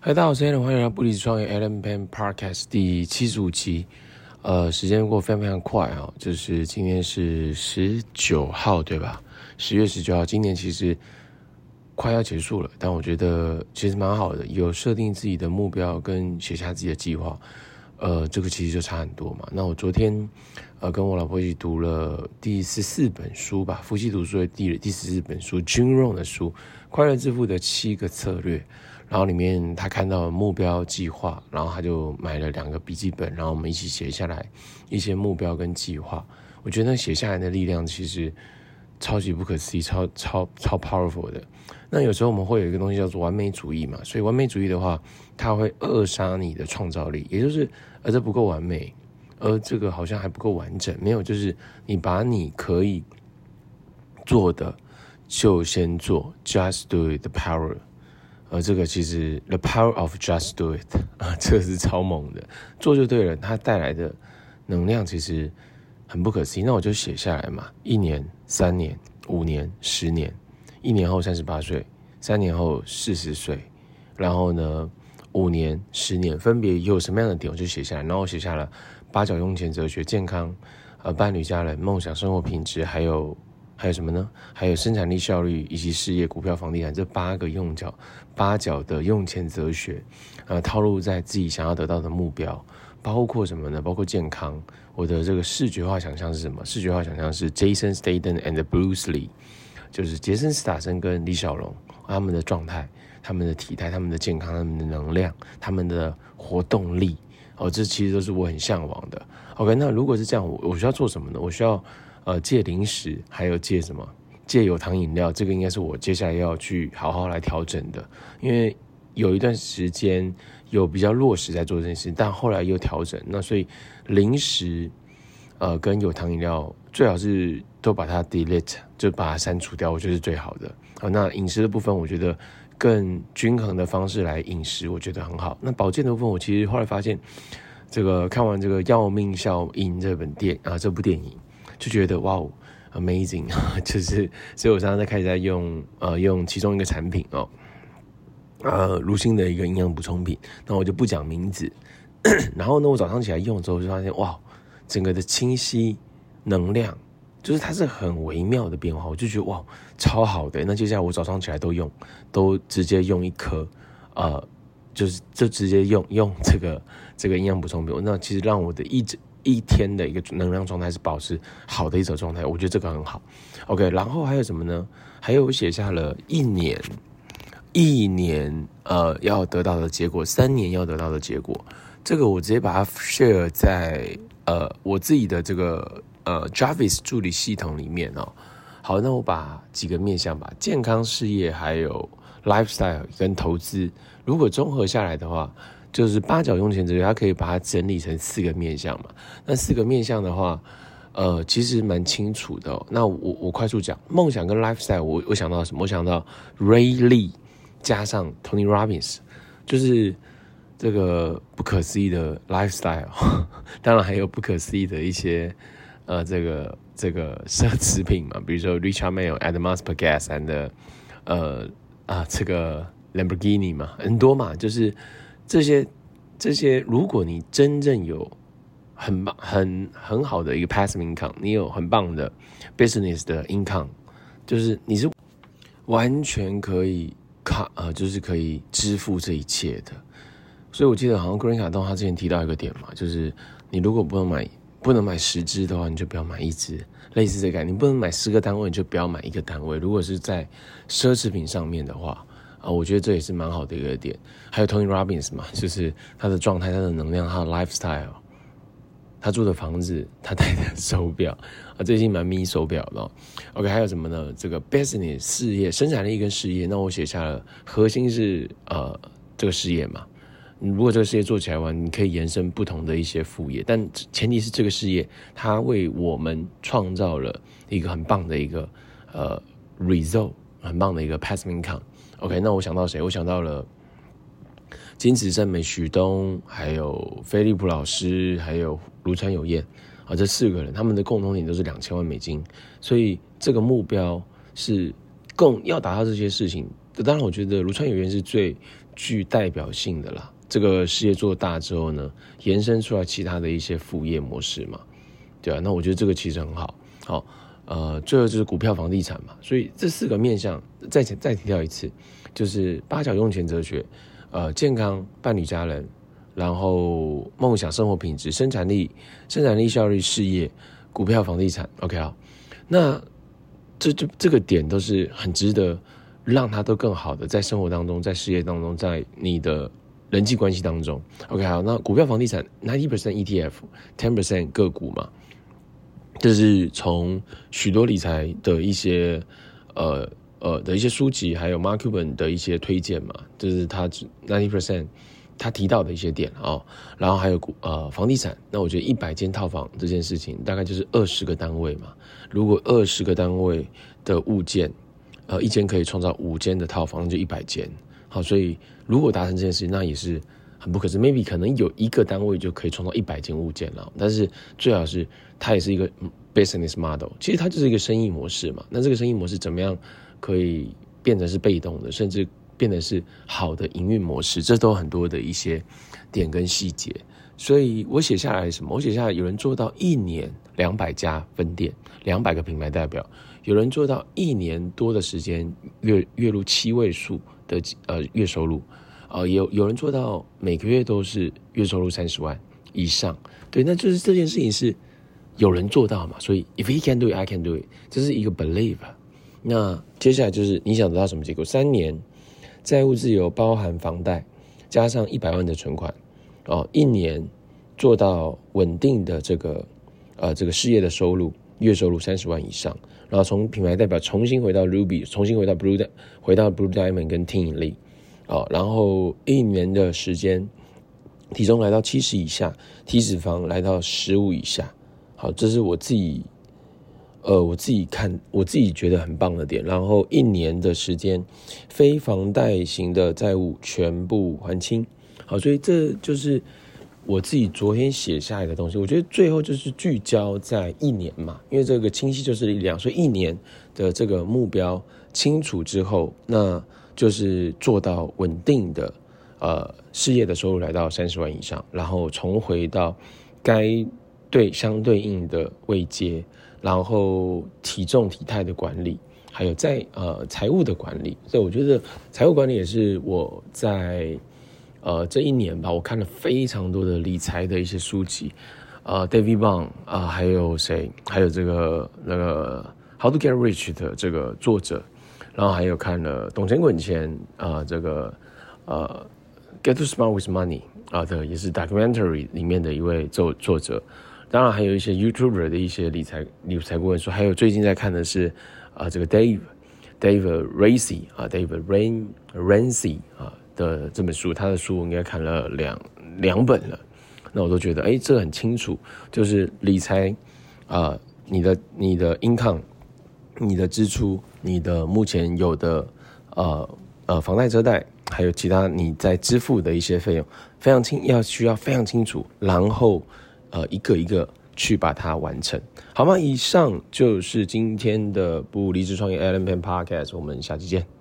嗨大，大家好，歡迎來到布里斯創業 Alan p e n Podcast 第七十五期。呃，時間過非常非常快啊、哦，就是今天是十九號，對吧？十月十九號，今年其實快要結束了，但我覺得其實蠻好的，有設定自己的目標跟寫下自己的計劃。呃，這個其實就差很多嘛。那我昨天呃跟我老婆一起讀了第十四本書吧，夫妻讀書的第第十四本書 j i r o n 的書，《快樂致富的七個策略》。然後裡面他看到了目標計劃，然後他就買了兩個筆記本，然後我們一起寫下來一些目標跟計劃。我覺得那寫下來的力量其實超級不可思議，超超超 powerful 的。那有時候我們會有一個東西叫做完美主義嘛，所以完美主義的話，它會扼殺你的創造力，也就是而這不夠完美，而這個好像還不夠完整，沒有就是你把你可以做的就先做，just do it the power。呃，這個其實 The Power of Just Do It 啊，這個是超猛的，做就對了，它帶來的能量其實很不可思議。那我就寫下來嘛，一年、三年、五年、十年，一年後三十八歲，三年後四十歲，然後呢，五年、十年分別有什麼樣的點，我就寫下來。然後我寫下了八角用錢哲學、健康、呃，伴侶、家人、夢想、生活品質，還有。還有什麼呢？還有生產力效率以及事業、股票、房地產這八個用角八角的用錢哲學，呃、啊，套入在自己想要得到的目標，包括什麼呢？包括健康。我的這個視覺化想象是什麼？視覺化想象是 Jason Statham and Bruce Lee，就是傑森·斯坦森跟李小龍他們的狀態、他們的體態、他們的健康、他們的能量、他們的活動力。哦，這其實都是我很嚮往的。OK，那如果是這樣，我我需要做什麼呢？我需要。呃，戒零食，還有戒什麼？戒有糖飲料，這個應該是我接下來要去好好來調整的。因為有一段時間有比較落實在做這件事情，但後來又調整。那所以零食，呃，跟有糖飲料，最好是都把它 delete，就把它刪除掉，我覺得是最好的。好、呃，那飲食的部分，我覺得更均衡的方式來飲食，我覺得很好。那保健的部分，我其實後來發現，這個看完這個《要命效應》這本電啊、呃，這部電影。就覺得哇、wow, 哦，amazing 啊！就是，所以我現次在開始在用，呃，用其中一個產品哦，呃，如新的一個營養補充品，那我就不講名字咳咳。然後呢，我早上起來用之後，就發現哇，整個的清晰、能量，就是它是很微妙的變化，我就覺得哇，超好的。那接下來我早上起來都用，都直接用一顆，呃，就是就直接用用這個這個營養補充品，那其實讓我的一整。一天的一個能量狀態是保持好的一種狀態，我覺得這個很好。OK，然後還有什麼呢？還有我寫下了一年，一年呃要得到的結果，三年要得到的結果，這個我直接把它 share 在呃我自己的這個呃 Jarvis 助理系統裡面哦。好，那我把幾個面向吧：健康、事業，還有 lifestyle 跟投資。如果綜合下來的話。就是八角用錢哲學，它可以把它整理成四個面向嘛。那四個面向的話，呃，其實蠻清楚的，哦。那我我快速講，夢想跟 lifestyle，我我想到什麼？我想到 Ray Lee 加上 Tony Robbins，就是這個不可思議的 lifestyle 呵呵。當然還有不可思議的一些呃，這個這個奢侈品嘛，比如說 Richard Mille 有 Audemars Piguet and the, 呃啊、呃、這個 Lamborghini 嘛，很多嘛，就是。這些這些，這些如果你真正有很棒很很好的一個 pass income，你有很棒的 business 的 income，就是你是完全可以卡、呃、就是可以支付這一切的。所以我記得好像 Green 卡通他之前提到一個點嘛，就是你如果不能買不能買十支的話，你就不要買一支；類似這個，你不能買十個單位，你就不要買一個單位。如果是在奢侈品上面的話。啊，我覺得這也是蠻好的一個點。還有 Tony Robbins 嘛，就是他的狀態、他的能量、他的 lifestyle，他住的房子、他戴的手表啊，最近蠻迷手表的。OK，還有什麼呢？這個 business 事業、生產力跟事業，那我寫下了核心是呃這個事業嘛。如果這個事業做起來的話，你可以延伸不同的一些副業，但前提是這個事業它為我們創造了一個很棒的一個呃 result。很棒的一個 Passman 卡，OK，那我想到誰？我想到了金子勝美、許東，還有菲利普老師，還有盧川友業啊，這四個人他們的共同點都是兩千萬美金，所以這個目標是共要達到這些事情。當然，我覺得盧川友業是最具代表性的啦。這個事業做大之後呢，延伸出來其他的一些副業模式嘛，對啊，那我覺得這個其實很好，好。呃，最後就是股票、房地產嘛，所以這四個面向再再提到一次，就是八角用錢哲學，呃，健康、伴侶、家人，然後夢想、生活品質、生產力、生產力效率、事業、股票、房地產。OK 啊，那這就這個點都是很值得讓他都更好的在生活當中、在事業當中、在你的人際關係當中。OK 好，那股票、房地產，ninety percent ETF，ten percent 個股嘛。就是從許多理財的一些，呃呃的一些書籍，還有 Mark Cuban 的一些推薦嘛，就是他 ninety percent 他提到的一些點啊，哦，然後還有呃房地產，那我覺得一百間套房這件事情大概就是二十個單位嘛，如果二十個單位的物件，呃一間可以創造五間的套房，那就一百間，好，哦，所以如果達成這件事情，那也是。很不可思議 maybe 可能有一個單位就可以創造一百件物件了，但是最好是它也是一個 business model，其實它就是一個生意模式嘛。那這個生意模式怎麼樣可以變成是被動的，甚至變得是好的營運模式？這都很多的一些點跟細節。所以我寫下來什麼？我寫下來有人做到一年兩百家分店，兩百個品牌代表，有人做到一年多的時間，月月入七位數的呃月收入。哦，有有人做到每個月都是月收入三十萬以上，對，那就是這件事情是有人做到嘛？所以 if he can do it, I can do it，這是一個 believe。那接下來就是你想得到什麼結果？三年債務自由，包含房貸加上一百萬的存款，哦，一年做到穩定的這個呃這個事業的收入，月收入三十萬以上，然後從品牌代表重新回到 Ruby，重新回到 Blue Diamond，回到 Blue Diamond 跟 Team Lee 好，然後一年的時間，體重來到七十以下，體脂肪來到十五以下。好，這是我自己，呃，我自己看，我自己覺得很棒的點。然後一年的時間，非房貸型的債務全部還清。好，所以這就是我自己昨天寫下來的東西。我覺得最後就是聚焦在一年嘛，因為這個清晰就是力量，所以一年的這個目標清楚之後，那，就是做到穩定的，呃，事業的收入來到三十萬以上，然後重回到該對相對應的位階，然後體重體態的管理，還有在呃財務的管理。所以我覺得財務管理也是我在呃這一年吧，我看了非常多的理財的一些書籍，呃，David Bong 啊、呃，還有誰，還有這個那個《How to Get Rich》的這個作者。然後還有看了董前《董承滾錢》啊，這個呃，《Get to Smart with Money、呃》啊，這也是 documentary 裡面的一位作作者。當然還有一些 YouTuber 的一些理財理財顧問說，還有最近在看的是啊、呃，這個 Dave Dave Ramsey 啊、呃、，Dave Rain Ramsey、呃、啊的這本書，他的書我應該看了兩兩本了。那我都覺得哎，這個很清楚，就是理財啊、呃，你的你的 income，你的支出。你的目前有的，呃呃，房貸、車貸，還有其他你在支付的一些費用，非常清，要需要非常清楚，然後呃，一個一個去把它完成，好嗎？以上就是今天的不離職創業 Allen Peng Podcast，我們下期見。